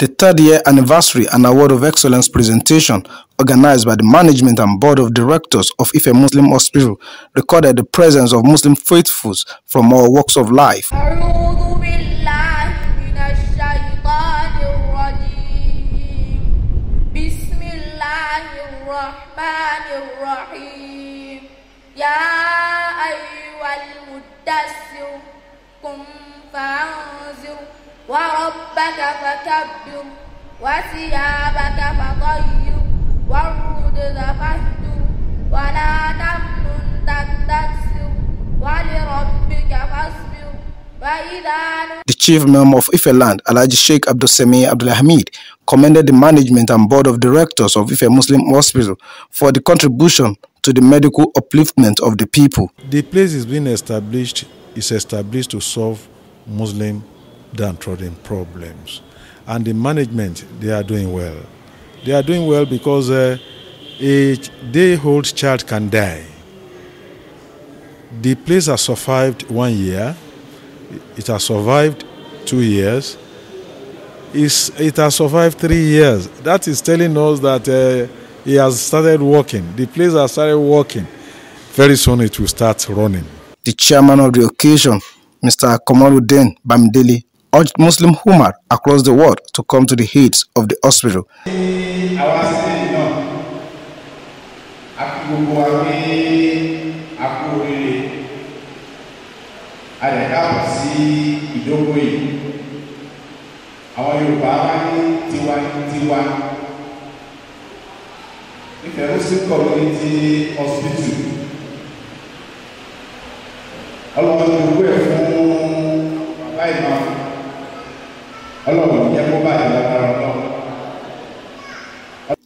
the third-year anniversary and Award of Excellence presentation organized by the management and board of directors of Ife Muslim Hospital recorded the presence of Muslim faithfuls from all walks of life. وربك فكبر وثيابك فاهجر ولا تستكثر ولربك فاصبر فإذا The chief member of Ife land, Alhaji Sheikh Abdul Semi Abdul Hamid, commended the management and board of directors of Ife Muslim Hospital for the contribution to the medical upliftment of the people. The place is being established, is established to solve Muslim downtrodden problems. And the management, they are doing well. They are doing well because uh, a day-old child can die. The place has survived one year. It has survived two years. It's, it has survived three years. That is telling us that uh, it has started working. The place has started working. Very soon it will start running. The chairman of the occasion, Mr. Komaruddin Bamdeli urged Muslim women across the world to come to the aid of the hospital. àwọn Yorùbá wá ní tiwa ní tiwa ìfẹ̀rúsí community hospital ọlọ́mọdé gbogbo ẹ̀ fún bàbá ìmọ̀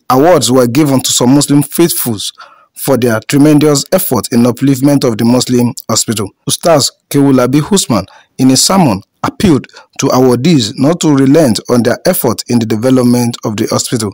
Awards were given to some Muslim faithfuls for their tremendous effort in upliftment of the Muslim hospital. Ustaz Kewulabi Husman, in a sermon, appealed to awardees not to relent on their effort in the development of the hospital.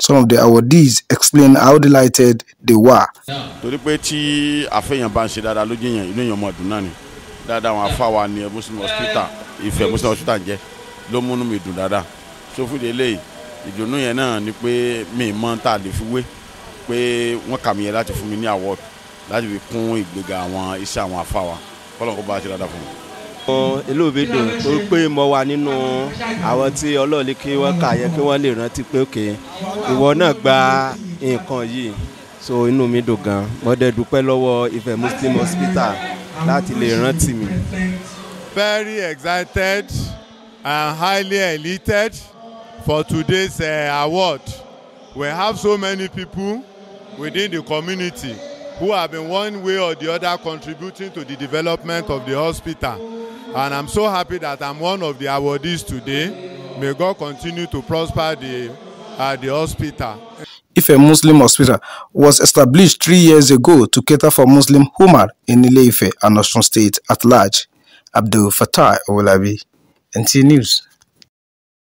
Some of the awardees explain how delighted they were. torí pé tí àfẹ́yàn bá ń ṣe dáadáa lójú èèyàn inú èèyàn mọ̀ ọdún náà ni dáadáa àwọn afáwa ni Muslim hospital Ifẹ̀ Muslim hospital jẹ́ ló múnú mi dùn dáadáa sófìdí eléyìí ìdùnnú yẹn náà ni pé mi mọ́ tá a lè fi wé pé wọ́n kà mí yẹn láti fún mi ní award láti fi kún ìgbéga àwọn iṣẹ́ àwọn afáwa kọ́lọ́n kó bá a ṣe dáadáa fún mi elóòbídò tó pé mo wà nínú àwọn tí ọlọ́ọ̀lì kí wọ́n kà yẹ kí wọ́n lè rántí pé òkè ìwọ náà gba nǹkan yìí so inú mi dùn gan mo dẹ̀ dúpẹ́ lọ́wọ́ Ifẹ̀ Muslim Hospital láti lè rántí mi. Very excited and highly elated for today's uh, award. We have so many people within the community who have been one way or the other contributing to the development of the hospital. And I'm so happy that I'm one of the awardees today. May God continue to prosper the, uh, the hospital. If a Muslim hospital was established three years ago to cater for Muslim Humar in ile and Osun State at large, Abdul Fattah Olabi, NT News.